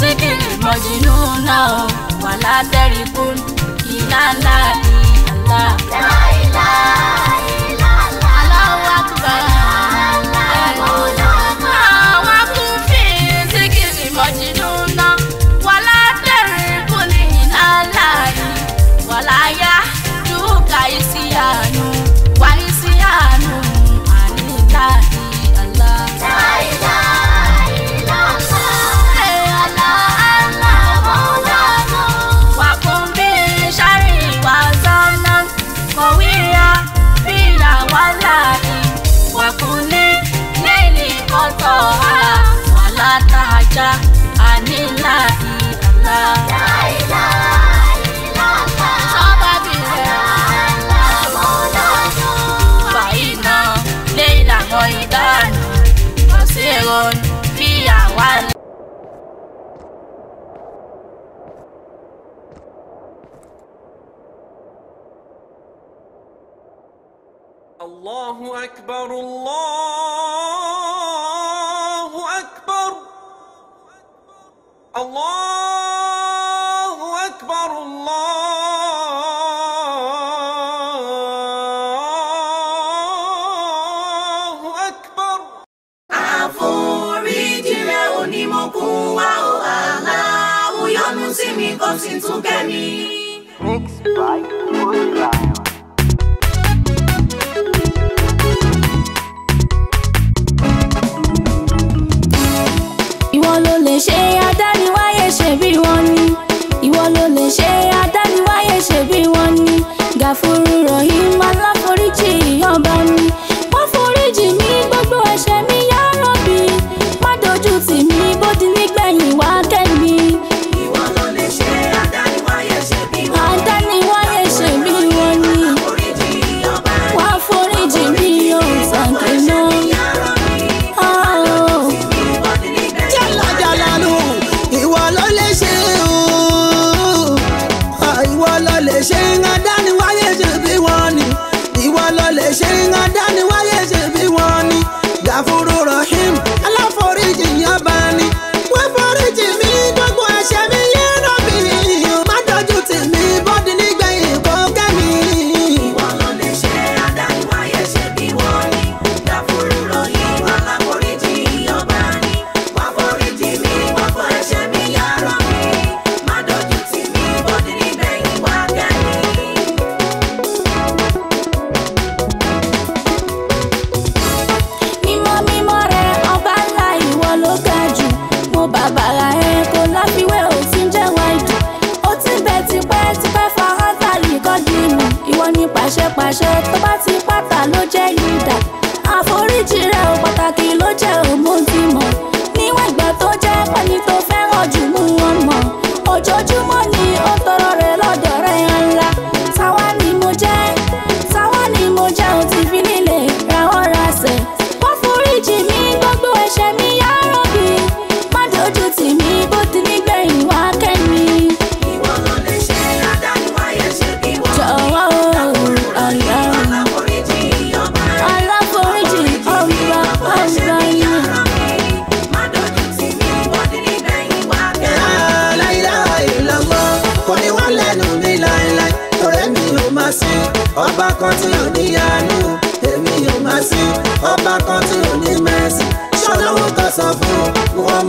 sìkìrì mọ̀jìnnúnà o wà látẹ̀rí kún kí láńlá ni àlá. láìláì. الله for real.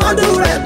Honduras.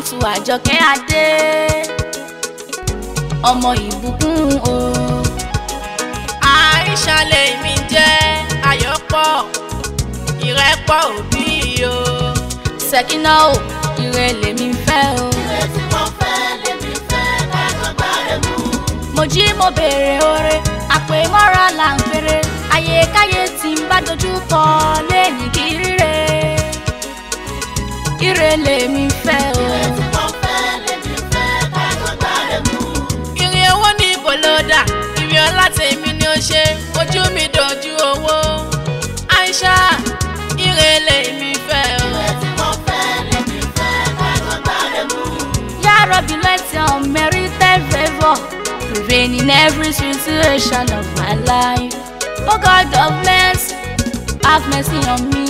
àkáǹtù àjọkẹ́ adé ọmọ ìbùkún o. àìṣà lèmi jẹ́ àyọ̀pọ̀ ìrẹ́pọ̀ òbí o. ṣèkínà o ire lèmi fẹ́ o. ire tí mo fẹ́ lèmi fẹ́ kájọ bá rẹ̀ mú. mo jí mo béèrè oore àpè mọ́ra là ń fèrè ayé tí ń bá dojú kọ lẹ́yìn kiri rẹ̀ ire lèmi fẹ́ o. ire tí mo fẹ́ lèmi fẹ́ ká tó gbàre mú. ire owó ní bòlódà ire ọlá tèmi ni ó ṣe ojú mi dojú owó. Aisha ire lèmi fẹ́ o. ire tí mo fẹ́ lèmi fẹ́ ká tó gbàre mú. Ya Rabbi, let your merited favour prevail in every situation of my life. O oh God of mercy, have mercy on me.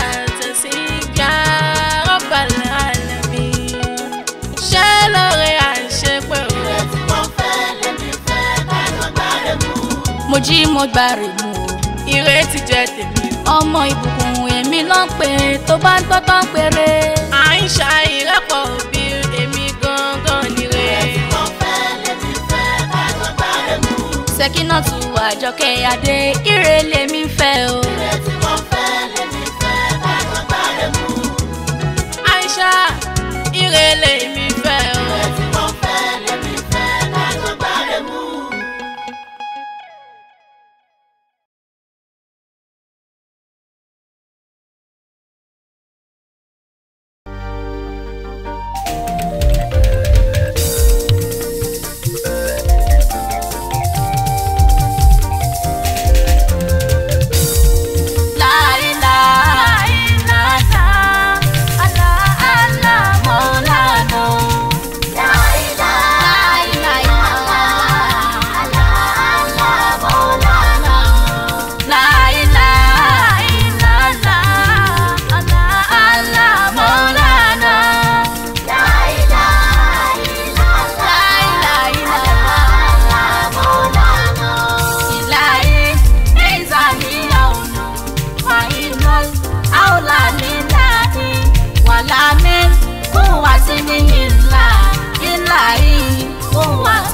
mo jí mo gbà rè mú o. ire ti jẹ tèmi. ọmọ ìbùkún èmi ló ń pè tó bá ń gbọ́tọ́ ń péré. à ń ṣa ìrẹ́pọ̀ òbí èmi gangan nire. Sekinatu Àjọkẹ́ Adé ire lèmi fẹ́ o. ire tí mo fẹ́ lèmi fẹ́ bá gbọ́gbà rẹ̀ mú. Aisha ire lèmi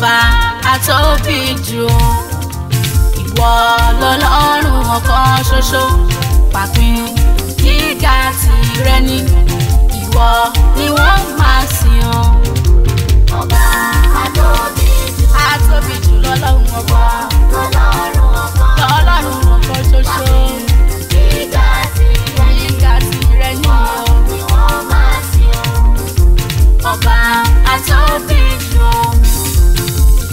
ọba àtọ́bí jù ìwọ lọ́lọ́run ọ̀kan ṣoṣo pàpín gíga tìrẹ ni ìwọ ni wọ́n máa sìn ọ́. ọba àtọ́bí jù àtọ́bí jù lọ́lọ́run lọ́lọ́run ọba àtọ́bí jù.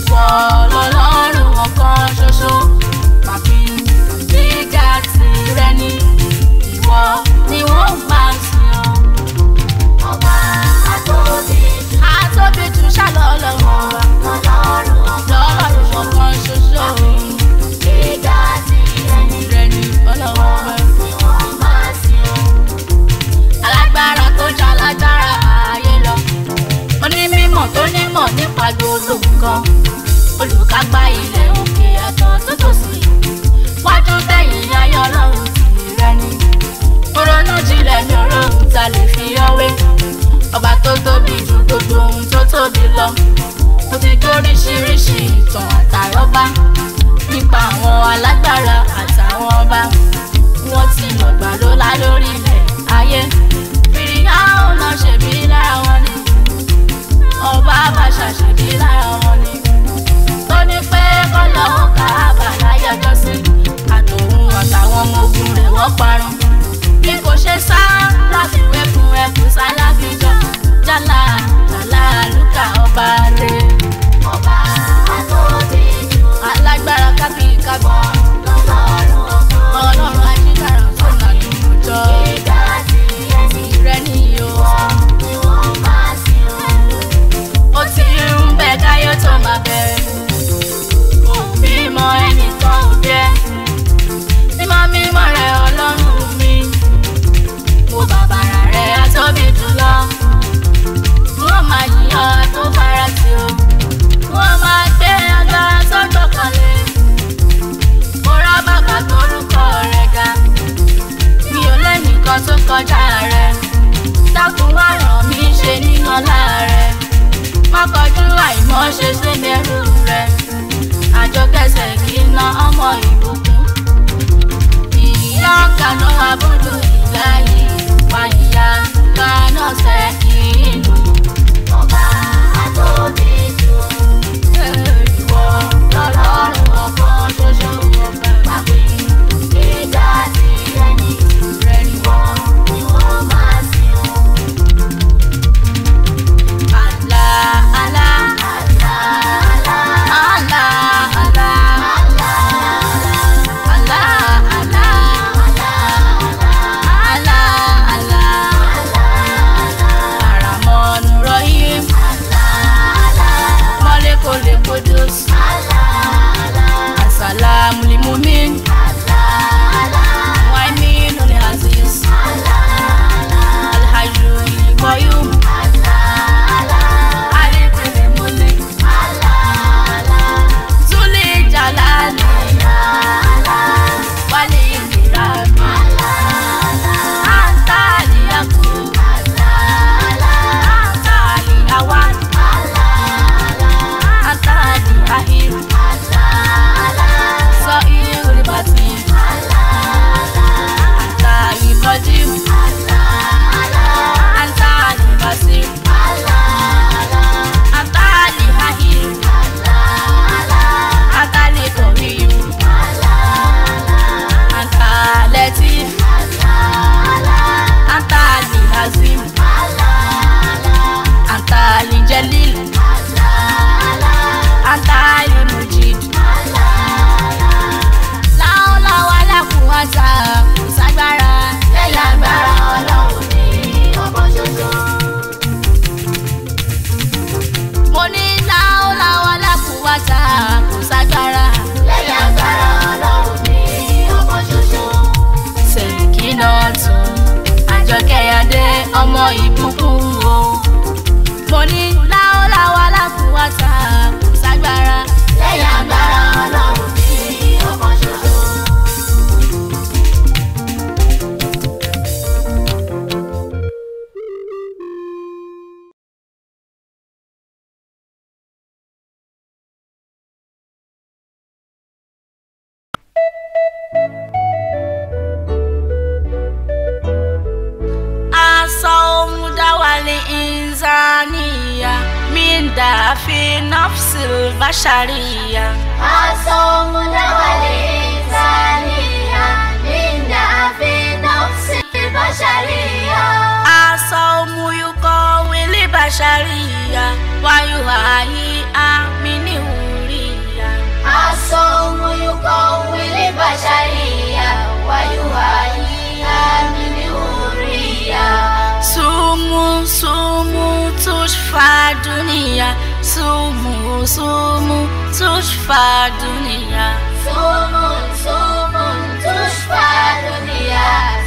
صار العار وقع ششو oríṣiríṣi ìtàn àtàrọ́bá nípa àwọn alágbára àtàwọn ọba wọ́n ti nàgbà lọ́lá lórí ilẹ̀ ayé fìrìyà ọ̀nà ṣèbí lára wọn ni ọba àbàṣà ṣèbí lára wọn ni tó ní pé kọ́lọ́ ọ̀ka àbàlá yọjọ́ sí àtòun àtàwọn ọmọ ogun rẹ̀ wọ́n parun bí kò ṣe sá láfiwé fún ẹkùn sá jálá jálá lùkà ọba rẹ̀. Vamos, No, no, sharia wayuhaiya minihuria asomu yukowili basharia wayuhaiya minihuria sumu sumu tushfa dunia sumu sumu tushfa dunia sumu sumu tushfa dunia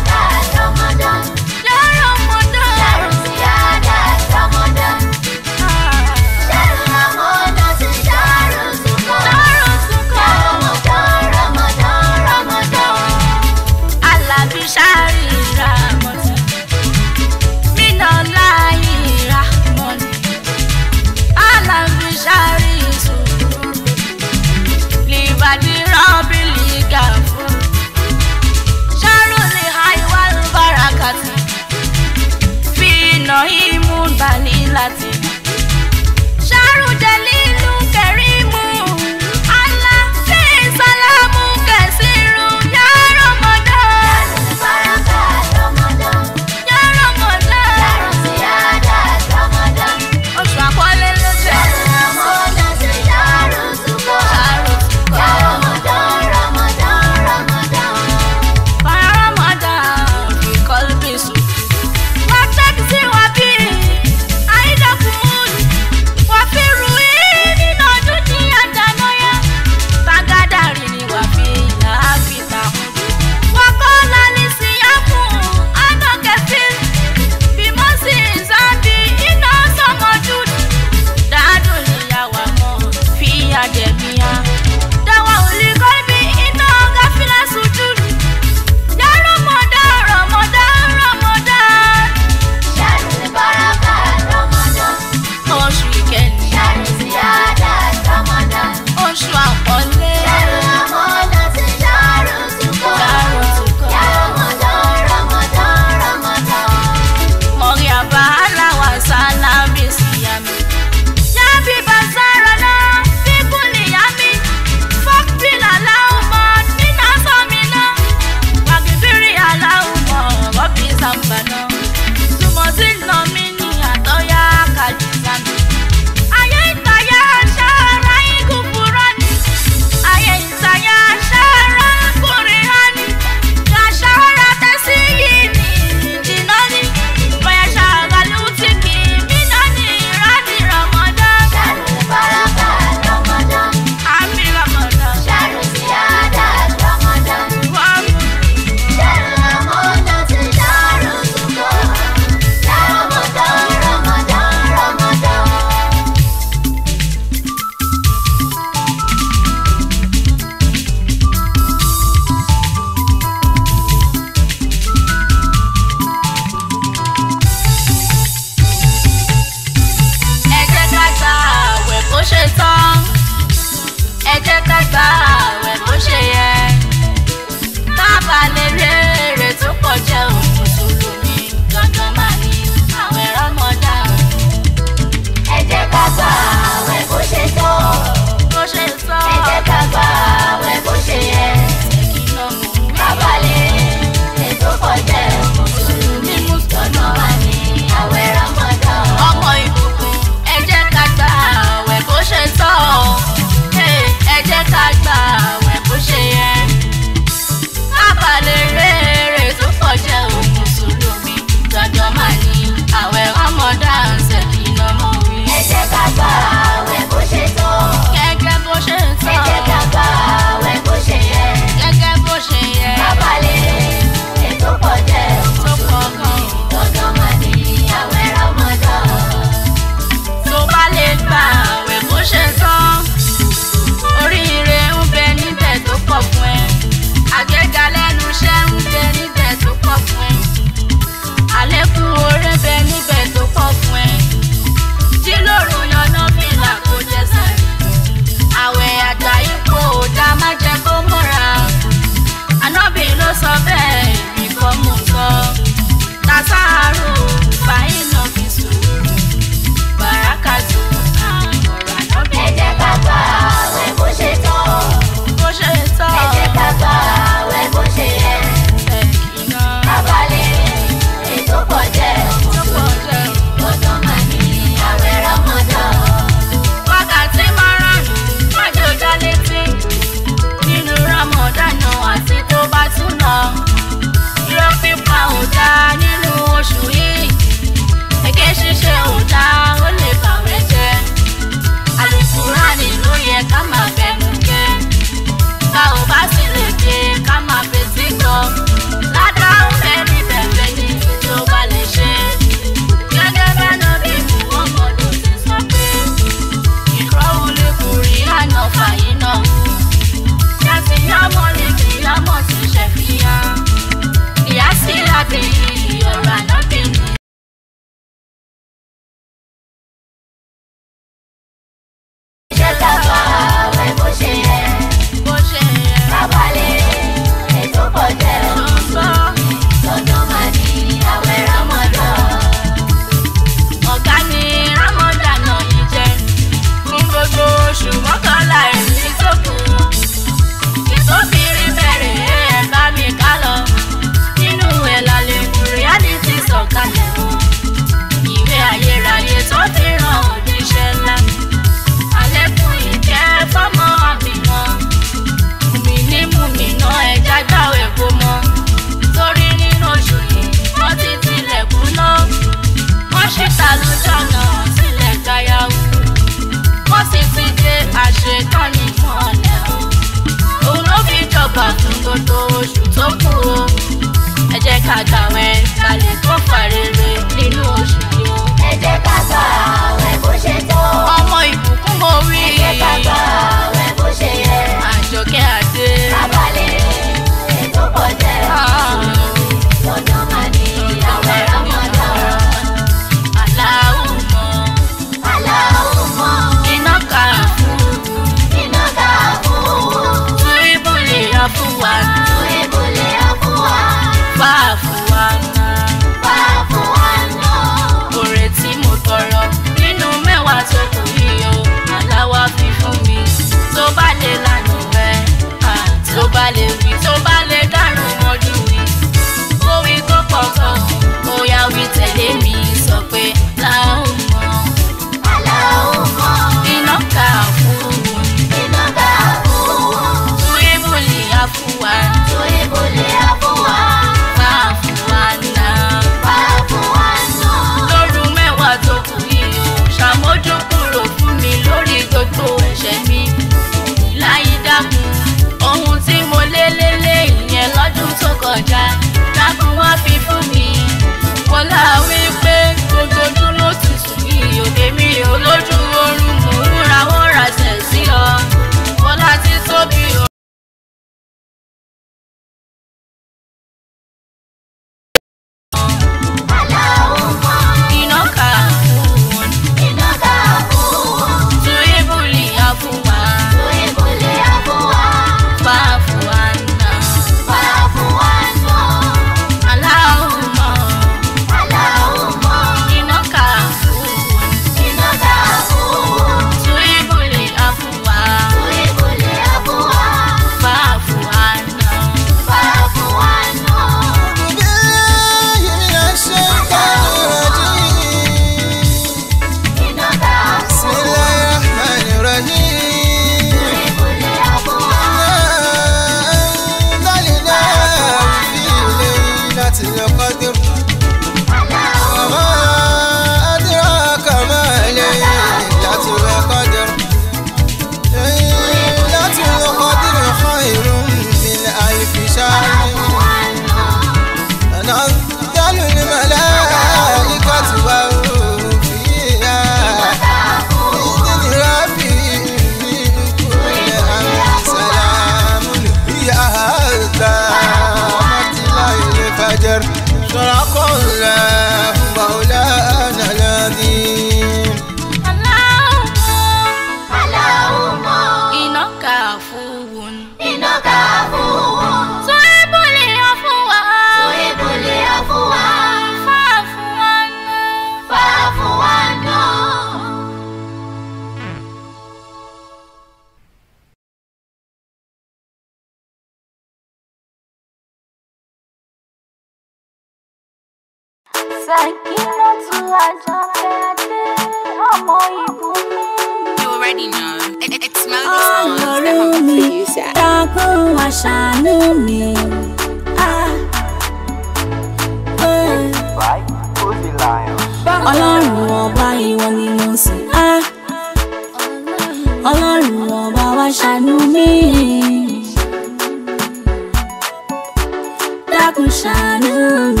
Darkness shining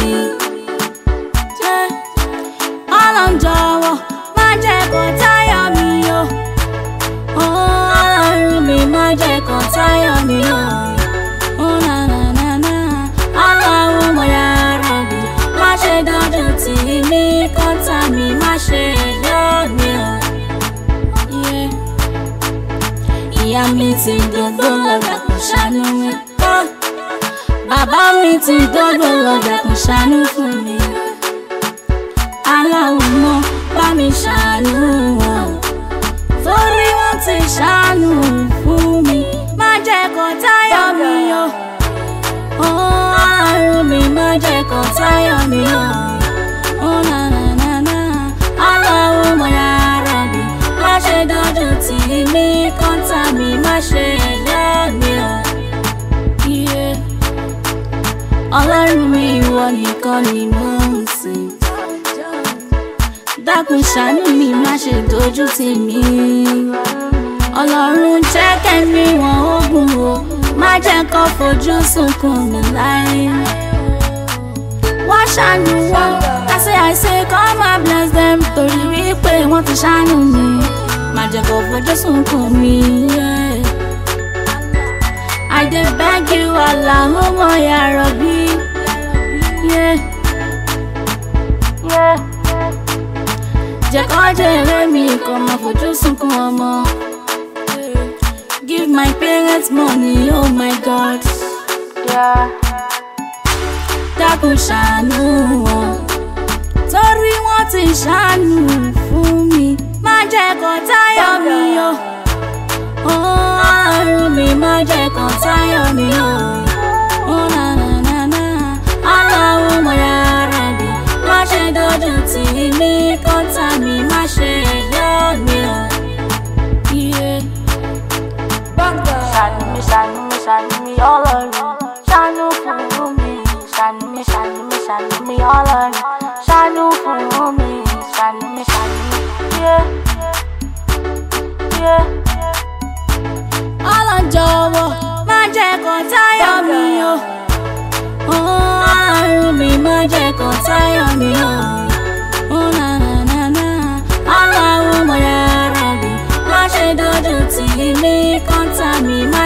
lórí ti dọ́gbọ́ lọ́jà kan ṣàánú fún mi aláwọ̀ mọ́ bá mi ṣàánú wọn torí wọ́n ti ṣàánú fún mi má jẹ́ kó táyọ̀ mi yọ ó àrùn mi má jẹ́ kó. kọ́ ni mò ń sìn. dákun ṣàánú mi má ṣe dojú tì mí. ọlọ́run jẹ́ kẹ́mi wọn ogun o má jẹ́ kó fojú sunkún mi láì. wọ́n ṣàánú wọn kásẹ̀ àìsè kọ́ máa bless them torí wípé wọ́n ti ṣàánú mi má jẹ́ kó fojú sunkún mi. I dey beg you, Allah, Allahumma ya Rabbi yeah, yeah. jẹ́ kó jẹ́ lẹ́mí kó máa fojú sunkún ọmọ. Give my parents money, oh my God. Yeah. Dákun what wọn, torí wọ́n ti ṣàánú fún mi. Má jẹ́ kó táyọ̀ mi o, ọ̀run mi má jẹ́ kó táyọ̀ mi o. dọ́dún tì mí kọ́ńtà mi má ṣe yọ mi o. ṣàánú mi ṣàánú mi ṣàánú mi ọlọ́run ṣàánú fún mi ṣàánú mi ṣàánú mi ṣàánú mi ọlọ́run ṣàánú fún mi ṣàánú mi ṣàánú mi. ọlọ́jọ́. jẹ́ kó táyọ̀ mi o. Aláwo mo yára bí, má ṣe dojú tì mí kọ́ńtà mi má